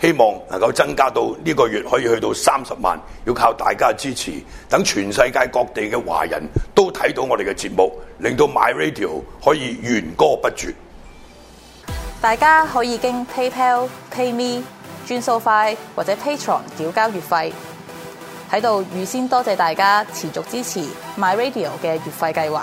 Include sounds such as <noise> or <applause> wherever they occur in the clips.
希望能夠增加到呢、這個月可以去到三十萬，要靠大家支持，等全世界各地嘅華人都睇到我哋嘅節目，令到 My Radio 可以源源不絕。大家可以經 PayPal Pay、PayMe 轉數快或者 Patreon 繳交月費，喺度預先多謝大家持續支持 My Radio 嘅月費計劃。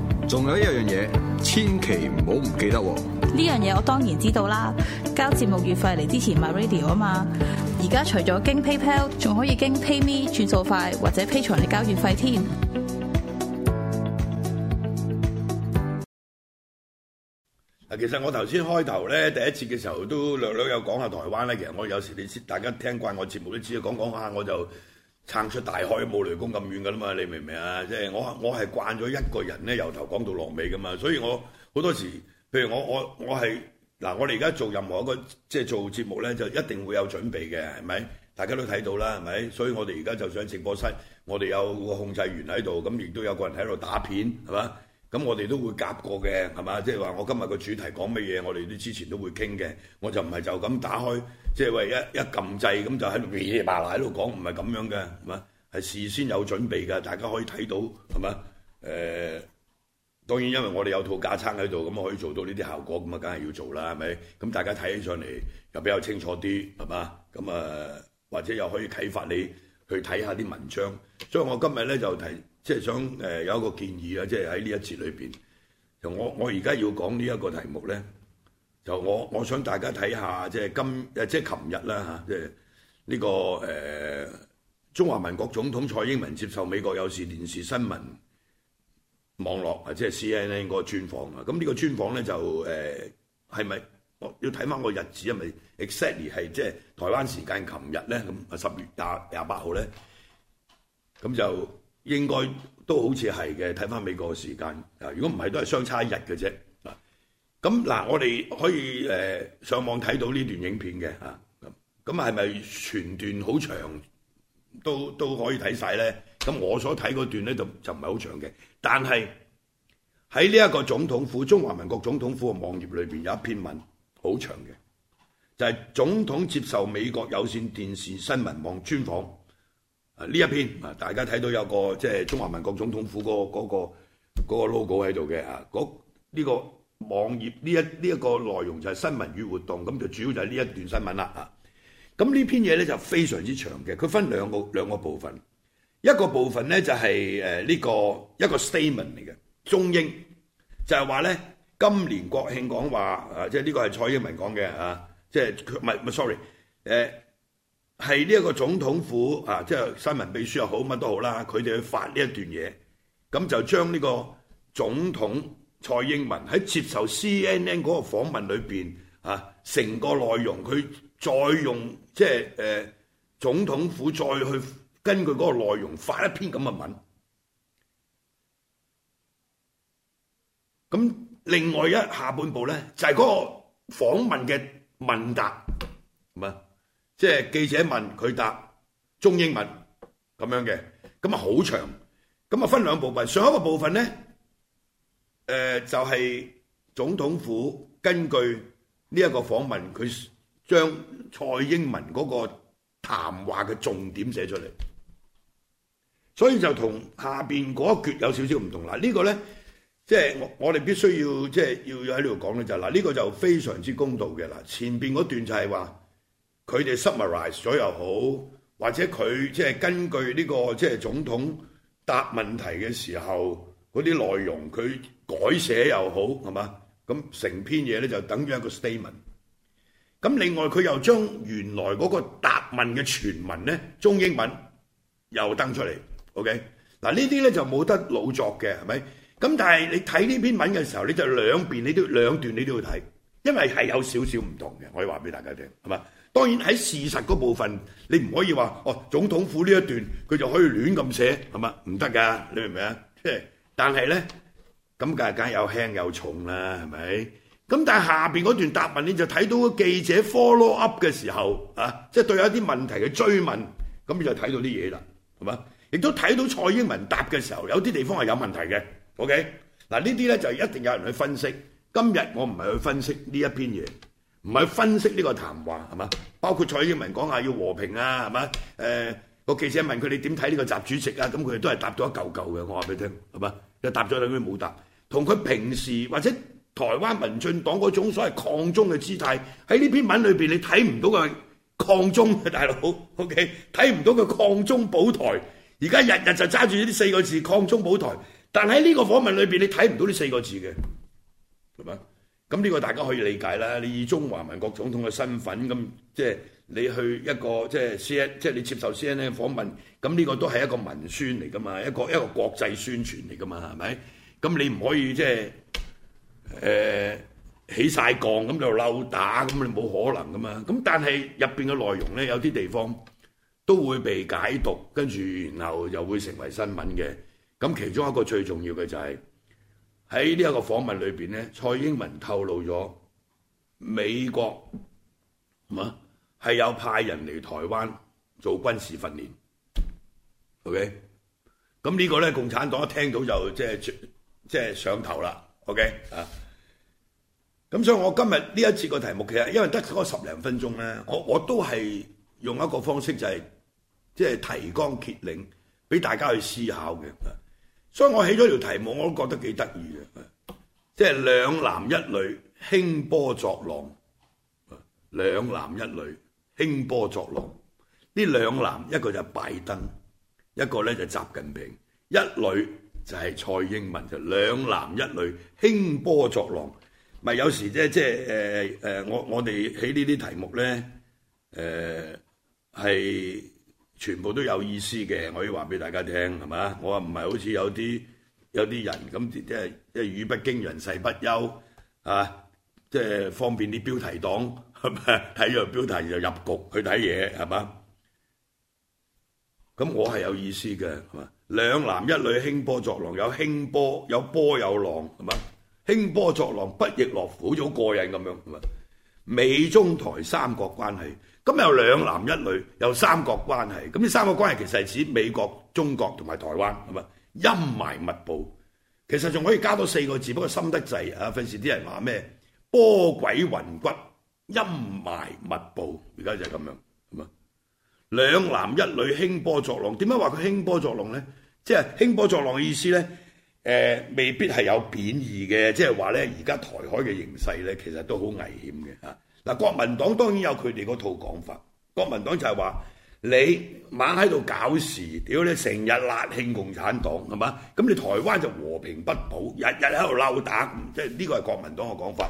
仲有一樣嘢，千祈唔好唔記得喎！呢樣嘢我當然知道啦，交節目月費嚟之前 MyRadio 啊嘛。而家除咗經 PayPal，仲可以經 PayMe 轉數快，或者 Patreon 嚟交月費添。嗱， <music> 其實我頭先開頭咧，第一次嘅時候都略略有講下台灣咧。其實我有時你大家聽慣我節目都知，講講下我就。撐出大海冇雷公咁遠㗎啦嘛，你明唔明啊？即係我我係慣咗一個人咧，由頭講到落尾㗎嘛，所以我好多時，譬如我我我係嗱，我哋而家做任何一個即係做節目咧，就一定會有準備嘅，係咪？大家都睇到啦，係咪？所以我哋而家就上直播室，我哋有個控制員喺度，咁亦都有個人喺度打片，係嘛？咁我哋都會夾過嘅，係嘛？即係話我今日個主題講乜嘢，我哋都之前都會傾嘅。我就唔係就咁打開，即係話一一撳掣咁就喺度亂七八拉喺度講，唔係咁樣嘅，係嘛？係事先有準備嘅，大家可以睇到，係嘛？誒、呃，當然因為我哋有套架撐喺度，咁可以做到呢啲效果，咁啊梗係要做啦，係咪？咁大家睇起上嚟又比較清楚啲，係嘛？咁啊，或者又可以啟發你去睇下啲文章。所以我今日咧就提。即係想誒有一個建議啊！即係喺呢一節裏邊，就我我而家要講呢一個題目咧，就我我想大家睇下，即係今誒即係琴日啦嚇，即係呢個誒、呃、中華民國總統蔡英文接受美國有線電視新聞網絡啊，即係 CNN 嗰個專訪啊。咁呢個專訪咧就誒係咪？我要睇翻個日子，係咪 exactly 係即係台灣時間琴日咧，咁啊十月廿廿八號咧，咁就。應該都好似係嘅，睇翻美國時間啊！如果唔係，都係相差一日嘅啫。咁、啊、嗱、啊，我哋可以誒、呃、上網睇到呢段影片嘅啊。咁咁係咪全段好長都都可以睇晒？咧，咁我所睇嗰段咧就就唔係好長嘅，但係喺呢一個總統府、中華民國總統府嘅網頁裏邊有一篇文好長嘅，就係、是、總統接受美國有線電視新聞網專訪。啊！呢一篇啊，大家睇到有個即係中華民國總統府嗰嗰個嗰個 logo 喺度嘅啊，嗰呢個網頁呢一呢一個內容就係新聞與活動，咁就主要就係呢一段新聞啦啊！咁呢篇嘢咧就非常之長嘅，佢分兩個兩個部分，一個部分咧就係誒呢個一個 statement 嚟嘅，中英就係話咧今年國慶講話啊，即係呢個係蔡英文講嘅啊，即係唔係唔係 sorry 誒、呃。係呢一個總統府啊，即係新聞秘書又好，乜都好啦。佢哋去發呢一段嘢，咁就將呢個總統蔡英文喺接受 CNN 嗰個訪問裏邊啊，成個內容佢再用即係誒總統府再去根據嗰個內容發一篇咁嘅文。咁另外一下半部呢，就係嗰個訪問嘅問答，啊？即係記者問佢答中英文咁樣嘅，咁啊好長，咁啊分兩部分。上一個部分咧，誒、呃、就係、是、總統府根據呢一個訪問，佢將蔡英文嗰個談話嘅重點寫出嚟，所以就下面同下邊嗰一橛有少少唔同啦。這個、呢個咧，即係我我哋必須要即係要喺呢度講咧，就係嗱呢個就非常之公道嘅啦。前邊嗰段就係話。佢哋 summarize 咗又好，或者佢即係根據呢個即係總統答問題嘅時候嗰啲內容，佢改寫又好係嘛？咁成篇嘢咧就等於一個 statement。咁另外佢又將原來嗰個答問嘅全文咧，中英文又登出嚟。OK，嗱呢啲咧就冇得老作嘅係咪？咁但係你睇呢篇文嘅時候，你就兩邊你都兩段你都要睇，因為係有少少唔同嘅。我可以話俾大家聽，係嘛？當然喺事實嗰部分，你唔可以話哦，總統府呢一段佢就可以亂咁寫，係嘛？唔得㗎，你明唔明啊？ <laughs> 但係呢，咁梗係梗係有輕有重啦，係咪？咁但係下邊嗰段答問，你就睇到個記者 follow up 嘅時候啊，即係對一啲問題嘅追問，咁你就睇到啲嘢啦，係嘛？亦都睇到蔡英文答嘅時候，有啲地方係有問題嘅。OK，嗱呢啲呢，就一定有人去分析。今日我唔係去分析呢一篇嘢。唔係分析呢個談話係嘛？包括蔡英文講話要和平啊係嘛？誒個、呃、記者問佢你點睇呢個習主席啊？咁佢都係答咗一嚿嚿嘅。我話俾你聽係嘛？又答咗兩句冇答。同佢平時或者台灣民進黨嗰種所謂抗中嘅姿態，喺呢篇文裏邊你睇唔到佢抗中嘅大佬，OK？睇唔到佢抗中保台。而家日日就揸住呢啲四個字抗中保台，但喺呢個訪問裏邊你睇唔到呢四個字嘅係嘛？咁呢個大家可以理解啦。你以中華民國總統嘅身份，咁即係你去一個即係、就是、C N，即係你接受 CNN 嘅訪問，咁呢個都係一個文宣嚟噶嘛，一個一個國際宣傳嚟噶嘛，係咪？咁你唔可以即係誒起晒槓，咁就溜打，咁你冇可能噶嘛。咁但係入邊嘅內容咧，有啲地方都會被解讀，跟住然後又會成為新聞嘅。咁其中一個最重要嘅就係、是。喺呢一個訪問裏邊咧，蔡英文透露咗美國，係有派人嚟台灣做軍事訓練。OK，咁呢個咧，共產黨一聽到就即係即係上頭啦。OK 啊，咁所以我今日呢一節個題目其實因為得嗰十零分鐘咧，我我都係用一個方式就係即係提綱揭領，俾大家去思考嘅。所以我起咗條題目，我都覺得幾得意嘅，即係兩男一女興波作浪，兩男一女興波作浪。呢兩男一個就拜登，一個咧就習近平，一女就係蔡英文。就兩男一女興波作浪，咪有時咧即係誒誒，我我哋起呢啲題目咧，誒、呃、係。全部都有意思嘅，可以話俾大家聽，係嘛？我話唔係好似有啲有啲人咁，即係即係語不驚人，誓不休，係嘛？即係方便啲標題黨係嘛？睇咗標題就入局去睇嘢係嘛？咁我係有意思嘅，係嘛？兩男一女興波作浪，有興波有波有浪，係嘛？興波作浪不亦樂乎，就好過癮咁樣，係嘛？美中台三角關係。咁有兩男一女，有三角關係。咁呢三個關係其實係指美國、中國同埋台灣，係咪？陰霾密佈，其實仲可以加多四個字，不過深得滯啊！費事啲人話咩？波鬼雲骨，陰霾密佈。而家就係咁樣，係咪？兩男一女興波作浪，點解話佢興波作浪呢？即係興波作浪嘅意思呢，誒、呃，未必係有貶義嘅，即係話呢，而家台海嘅形勢呢，其實都好危險嘅嚇。嗱，國民黨當然有佢哋嗰套講法，國民黨就係話你晚喺度搞事，屌你成日鬧緊共產黨，係嘛？咁你台灣就和平不保，日日喺度鬧打，即係呢個係國民黨嘅講法。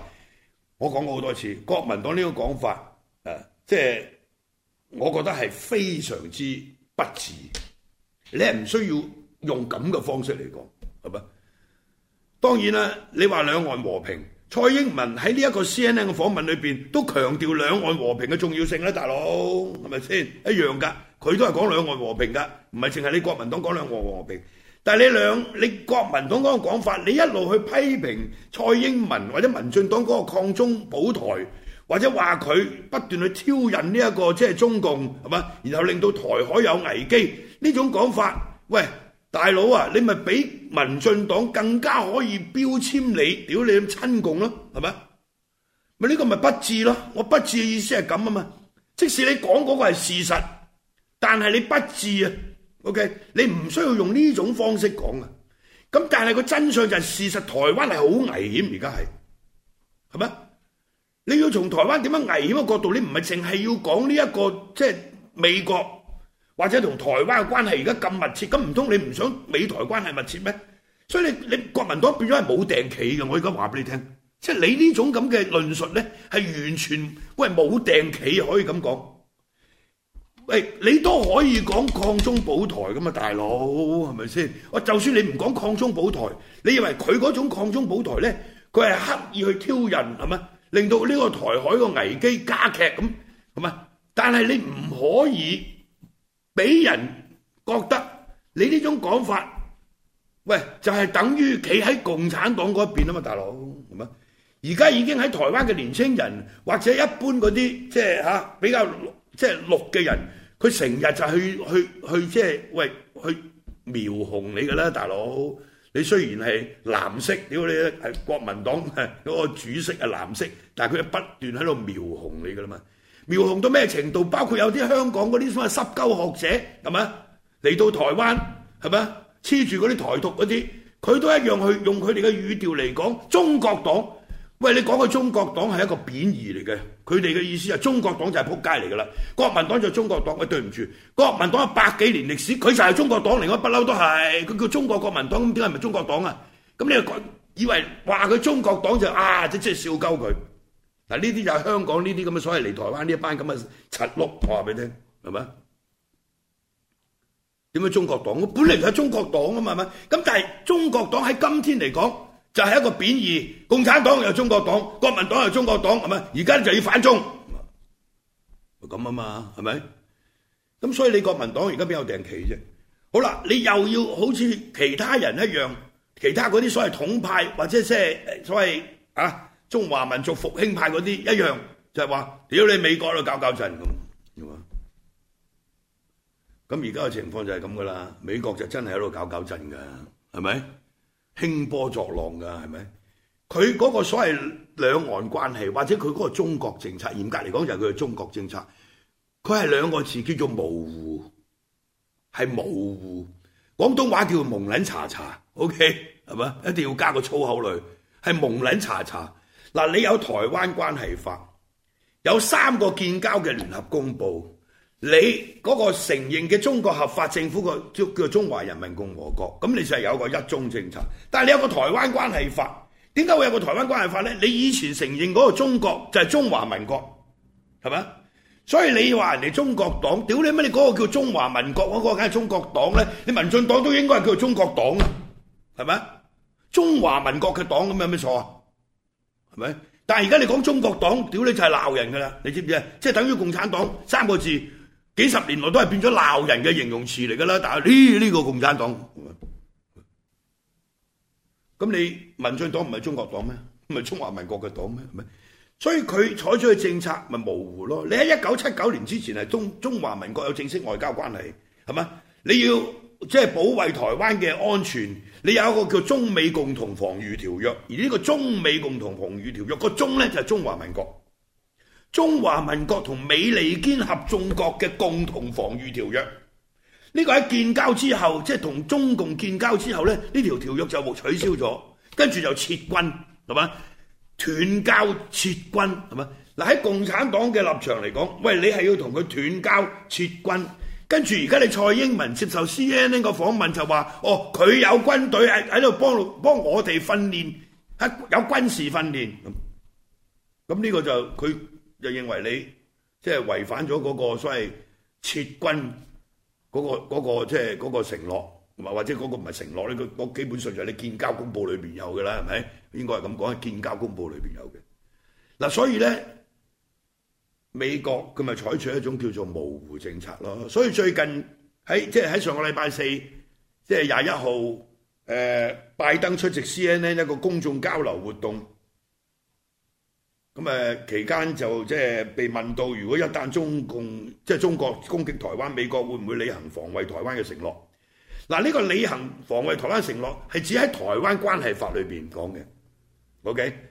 我講過好多次，國民黨呢個講法，誒，即係我覺得係非常之不智。你係唔需要用咁嘅方式嚟講，係嘛？當然啦，你話兩岸和平。蔡英文喺呢一個 CNN 嘅訪問裏邊都強調兩岸和平嘅重要性咧，大佬係咪先一樣㗎？佢都係講兩岸和平㗎，唔係淨係你國民黨講兩岸和平。但係你兩你國民黨嗰個講法，你一路去批評蔡英文或者民進黨嗰個抗中保台，或者話佢不斷去挑釁呢一個即係、就是、中共係咪？然後令到台海有危機呢種講法喂？大佬啊，你咪俾民進黨更加可以標籤你，屌你咁親共咯，係咪？咪呢個咪不智咯？我不智嘅意思係咁啊嘛。即使你講嗰個係事實，但係你不智啊。OK，你唔需要用呢種方式講啊。咁但係個真相就係事實，台灣係好危險，而家係，係咪？你要從台灣點樣危險嘅角度，你唔係淨係要講呢一個即係、就是、美國。或者同台灣嘅關係而家咁密切，咁唔通你唔想美台關係密切咩？所以你你國民黨變咗係冇定企嘅，我而家話俾你聽，即係你呢種咁嘅論述咧，係完全喂冇定企可以咁講。喂，你都可以講抗中保台咁啊，大佬係咪先？我就算你唔講抗中保台，你以為佢嗰種抗中保台咧，佢係刻意去挑釁係咪？令到呢個台海個危機加劇咁係咪？但係你唔可以。俾人覺得你呢種講法，喂，就係等於企喺共產黨嗰邊啊嘛，大佬，係嘛？而家已經喺台灣嘅年輕人或者一般嗰啲即係吓比較即係綠嘅人，佢成日就去去去即係喂去描紅你㗎啦，大佬。你雖然係藍色，屌你係國民黨嗰個主色係藍色，但係佢係不斷喺度描紅你㗎啦嘛。描紅到咩程度？包括有啲香港嗰啲所謂濕鳩學者係咪嚟到台灣，係咪黐住嗰啲台獨嗰啲，佢都一樣去用佢哋嘅語調嚟講中國黨。喂，你講嘅中國黨係一個貶義嚟嘅，佢哋嘅意思係中國黨就係撲街嚟㗎啦。國民黨就中國黨，喂，對唔住，國民黨有百幾年歷史，佢就係中國黨，嚟，我不嬲都係，佢叫中國國民黨，咁點解唔係中國黨啊？咁你又講以為話佢中國黨就啊，即即係笑鳩佢。嗱，呢啲就係香港呢啲咁嘅所謂嚟台灣呢一班咁嘅柒碌，我話俾你聽，係咪？點解中國黨？我本嚟就係中國黨啊嘛，係咪？咁但係中國黨喺今天嚟講，就係一個貶義。共產黨又中國黨，國民黨又中國黨，係咪？而家就要反中，就咁啊嘛，係咪？咁所以你國民黨而家邊有定期啫？好啦，你又要好似其他人一樣，其他嗰啲所謂統派或者即係所謂啊？中華民族復興派嗰啲一樣就係話，屌你美國喺度搞搞震咁，係嘛？咁而家嘅情況就係咁噶啦，美國就真係喺度搞搞震噶，係咪？興波作浪噶，係咪？佢嗰個所謂兩岸關係，或者佢嗰個中國政策，嚴格嚟講就係佢嘅中國政策。佢係兩個字叫做模糊，係模糊。廣東話叫做蒙撚查查，OK 係咪？一定要加個粗口嚟，係蒙撚查查。嗱，你有台灣關係法，有三個建交嘅聯合公佈，你嗰個承認嘅中國合法政府個叫叫中華人民共和國，咁你就係有個一中政策。但係你有個台灣關係法，點解會有個台灣關係法咧？你以前承認嗰個中國就係中華民國，係咪？所以你話人哋中國黨，屌你乜？你嗰個叫中華民國嗰個，梗係中國黨咧。你民進黨都應該係叫中國黨啊，係咪？中華民國嘅黨咁有咩錯啊？係咪？但係而家你講中國黨，屌你就係鬧人噶啦，你知唔知啊？即係等於共產黨三個字，幾十年來都係變咗鬧人嘅形容詞嚟噶啦。但係呢呢個共產黨，咁你民進黨唔係中國黨咩？唔係中華民國嘅黨咩？係咪？所以佢採取嘅政策咪模糊咯。你喺一九七九年之前係中中華民國有正式外交關係，係嘛？你要。即係保衛台灣嘅安全，你有一個叫中美共同防禦條約，而呢個中美共同防禦條約個中呢，就係中華民國，中華民國同美利堅合眾國嘅共同防禦條約。呢個喺建交之後，即係同中共建交之後呢，呢條條約就取消咗，跟住就撤軍係嘛，斷交撤軍係嘛？嗱，喺共產黨嘅立場嚟講，喂，你係要同佢斷交撤軍。跟住而家你蔡英文接受 CNN 個訪問就話：哦，佢有軍隊喺喺度幫幫我哋訓練，喺有軍事訓練咁。咁呢個就佢就認為你即係違反咗嗰個所謂撤軍嗰個嗰個即係嗰個承諾，同埋或者嗰個唔係承諾呢個？嗰基本上就係你建交公佈裏邊有嘅啦，係咪？應該係咁講，係建交公佈裏邊有嘅。嗱，所以咧。美國佢咪採取一種叫做模糊政策咯，所以最近喺即係喺上個禮拜四，即係廿一號，誒、呃、拜登出席 CNN 一個公眾交流活動，咁、嗯、誒期間就即係、就是、被問到，如果一旦中共即係、就是、中國攻擊台灣，美國會唔會履行防衛台灣嘅承諾？嗱、呃，呢、這個履行防衛台灣承諾係指喺台灣關係法裏邊講嘅，OK。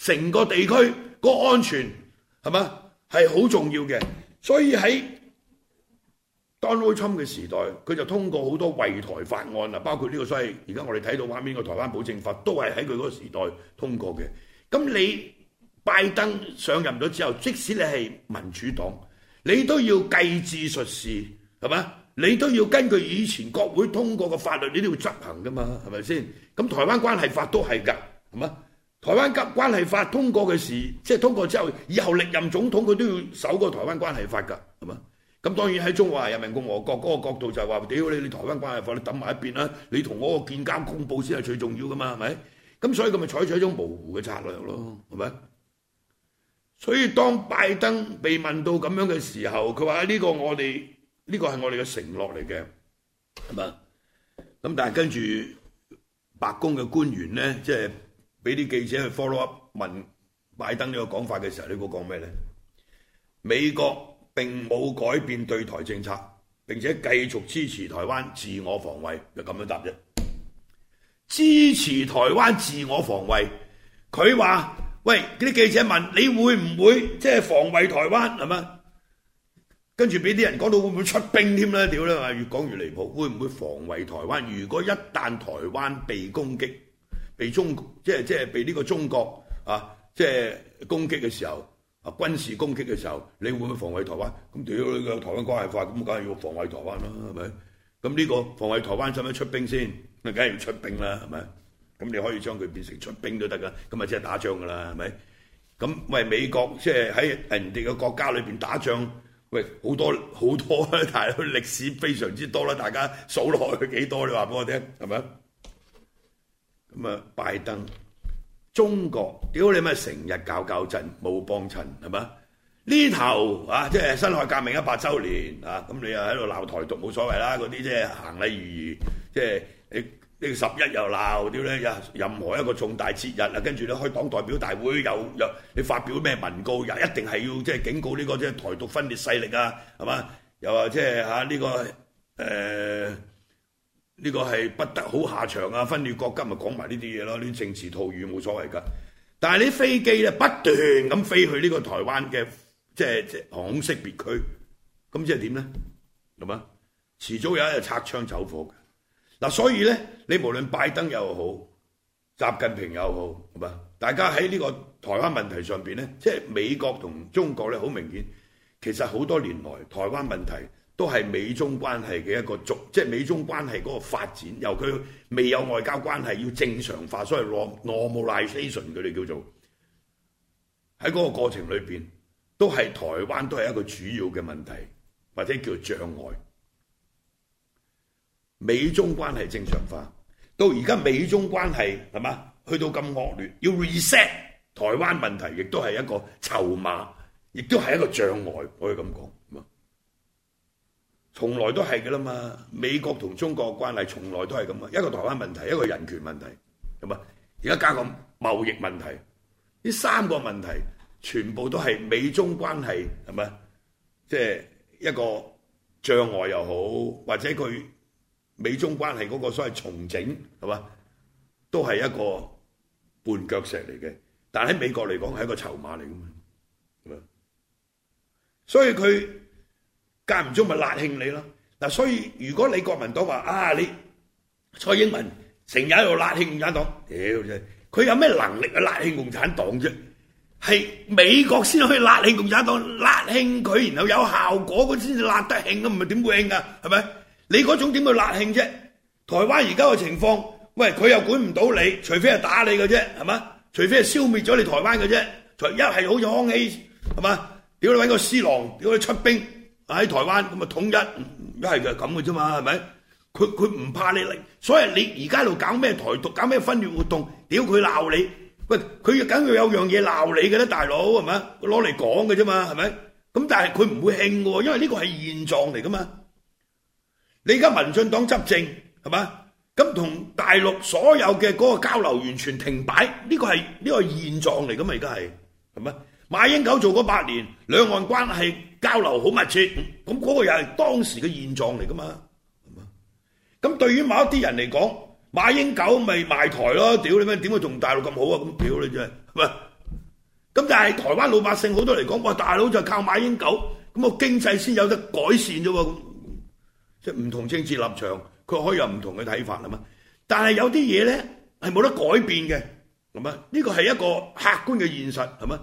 成個地區個安全係嘛係好重要嘅，所以喺 Donald Trump 嘅時代，佢就通過好多圍台法案嗱，包括呢個。所以而家我哋睇到畫面嗰個台灣保證法都係喺佢嗰個時代通過嘅。咁你拜登上任咗之後，即使你係民主黨，你都要繼志述事係嘛，你都要根據以前國會通過嘅法律，你都要執行㗎嘛，係咪先？咁台灣關係法都係㗎，係嘛？台灣急關係法通過嘅事，即係通過之後，以後歷任總統佢都要守個台灣關係法㗎，係嘛？咁當然喺中華人民共和國嗰個角度就係話：屌你，你台灣關係法你抌埋一邊啦，你同我個建交公報先係最重要㗎嘛？係咪？咁所以佢咪採取一種模糊嘅策略咯，係咪？所以當拜登被問到咁樣嘅時候，佢話呢個我哋呢，呢個係我哋嘅承諾嚟嘅，係嘛？咁但係跟住白宮嘅官員咧，即係。俾啲記者去 follow up 問拜登呢個講法嘅時候，你會講咩呢？美國並冇改變對台政策，並且繼續支持台灣自我防衛，就咁樣答啫。支持台灣自我防衛，佢話：喂，嗰啲記者問你會唔會即係防衛台灣係咪？跟住俾啲人講到會唔會出兵添呢？屌啦，越講越離譜，會唔會防衛台灣？如果一旦台灣被攻擊？被中即係即係被呢個中國啊，即係攻擊嘅時候啊，軍事攻擊嘅時候，你會唔會防衞台灣？咁對於呢個台灣關係法，咁梗係要防衞台灣啦，係咪？咁呢個防衞台灣使唔使出兵先？咁梗係要出兵啦，係咪？咁你可以將佢變成出兵都得噶，咁咪即係打仗噶啦，係咪？咁喂，美國即係喺人哋嘅國家裏邊打仗，喂，好多好多，但係歷史非常之多啦，大家數落去幾多？你話俾我聽，係咪？咁啊，拜登，中國屌你咪成日搞搞震冇幫襯係嘛？呢頭啊，即係辛亥革命一百週年啊，咁你又喺度鬧台獨冇所謂啦，嗰啲即係行禮如儀，即係你呢個十一又鬧，屌、啊、咧，任何一個重大節日啊，跟住你開黨代表大會又又你發表咩文告，又一定係要即係警告呢個即係台獨分裂勢力啊，係嘛？又話即係嚇呢個誒。呢個係不得好下場啊！分裂國家咪講埋呢啲嘢咯，啲政治套語冇所謂㗎。但係你飛機咧不斷咁飛去呢個台灣嘅即係即係航空識別區，咁即係點咧？係嘛？遲早有一日擦槍走火㗎。嗱，啊，所以咧，你無論拜登又好，習近平又好，係嘛？大家喺呢個台灣問題上邊咧，即係美國同中國咧，好明顯，其實好多年來台灣問題。都係美中關係嘅一個逐，即係美中關係嗰個發展，由佢未有外交關係要正常化，所謂 normalization 佢哋叫做喺嗰個過程裏邊，都係台灣都係一個主要嘅問題，或者叫做障礙。美中關係正常化到而家，美中關係係嘛？去到咁惡劣，要 reset 台灣問題，亦都係一個籌碼，亦都係一個障礙，可以咁講。從來都係嘅啦嘛，美國同中國關係從來都係咁啊，一個台灣問題，一個人權問題，係嘛？而家加個貿易問題，呢三個問題全部都係美中關係係咪？即係、就是、一個障礙又好，或者佢美中關係嗰個所謂重整係嘛，都係一個絆腳石嚟嘅。但喺美國嚟講係一個籌碼嚟㗎嘛，係嘛？所以佢。間唔中咪拉興你咯嗱、啊，所以如果你國民黨話啊，你蔡英文成日喺度拉興共產黨，屌真係佢有咩能力啊拉興共產黨啫？係美國先可以拉興共產黨，拉興佢然後有效果，佢先至拉得興咁，唔係點會興㗎、啊？係咪？你嗰種點會拉興啫？台灣而家嘅情況，喂，佢又管唔到你，除非係打你嘅啫，係嘛？除非係消滅咗你台灣嘅啫，除一係好似康熙係嘛？屌你揾個施琅，屌你出兵。喺台灣咁啊統一一係就咁嘅啫嘛，係咪？佢佢唔怕你嚟，所以你而家喺度搞咩台獨，搞咩分裂活動，屌佢鬧你！喂，佢梗係有樣嘢鬧你嘅啦，大佬係咪啊？佢攞嚟講嘅啫嘛，係咪？咁但係佢唔會興嘅喎，因為呢個係現狀嚟噶嘛。你而家民進黨執政係咪？咁同大陸所有嘅嗰個交流完全停擺，呢個係呢個現狀嚟噶嘛？而家係係咪？馬英九做嗰八年，兩岸關係。交流好密切，咁、嗯、嗰、那個又係當時嘅現狀嚟噶嘛？咁對於某一啲人嚟講，馬英九咪賣台咯，屌你咩？點解同大陸咁好啊？咁屌你啫，係咪？咁但係台灣老百姓好多嚟講，我話大佬就靠馬英九，咁個經濟先有得改善啫喎。即係唔同政治立場，佢可以有唔同嘅睇法啦嘛。但係有啲嘢咧係冇得改變嘅，係咪？呢個係一個客觀嘅現實，係咪？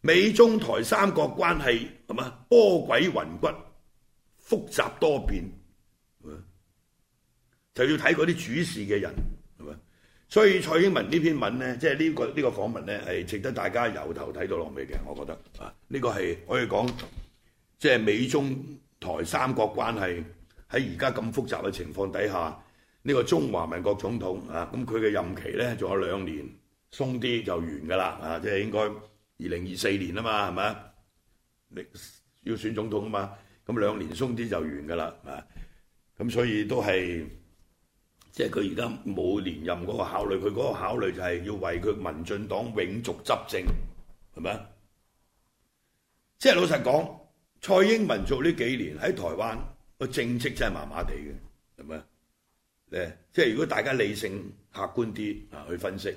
美中台三角關係係嘛，波詭雲譎，複雜多變，是是就要睇嗰啲主事嘅人係嘛。所以蔡英文呢篇文咧，即係呢個呢、呢個訪問咧，係值得大家由頭睇到落尾嘅。我覺得啊，呢個係可以講，即、就、係、是、美中台三角關係喺而家咁複雜嘅情況底下，呢、呢個中華民國總統啊，咁佢嘅任期咧仲有兩年，鬆啲就完㗎啦啊，即、就、係、是、應該。二零二四年啊嘛，係咪啊？要選總統啊嘛，咁兩年鬆啲就完噶啦，啊！咁所以都係，即係佢而家冇連任嗰個考慮，佢嗰個考慮就係要為佢民進黨永續執政，係咪啊？即係老實講，蔡英文做呢幾年喺台灣個政績真係麻麻地嘅，係咪啊？即係如果大家理性客觀啲啊去分析，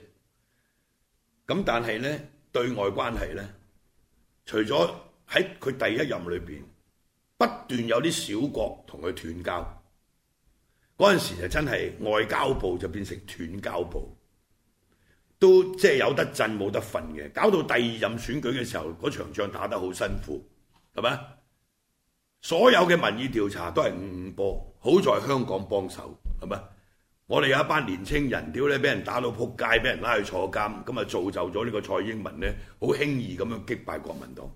咁但係咧。對外關係呢，除咗喺佢第一任裏邊不斷有啲小國同佢斷交，嗰陣時就真係外交部就變成斷交部，都即係、就是、有得震冇得瞓嘅，搞到第二任選舉嘅時候，嗰場仗打得好辛苦，係咪？所有嘅民意調查都係五五波，好在香港幫手，係咪？我哋有一班年青人屌咧，俾人打到仆街，俾人拉去坐監，咁啊造就咗呢個蔡英文咧，好輕易咁樣擊敗國民黨。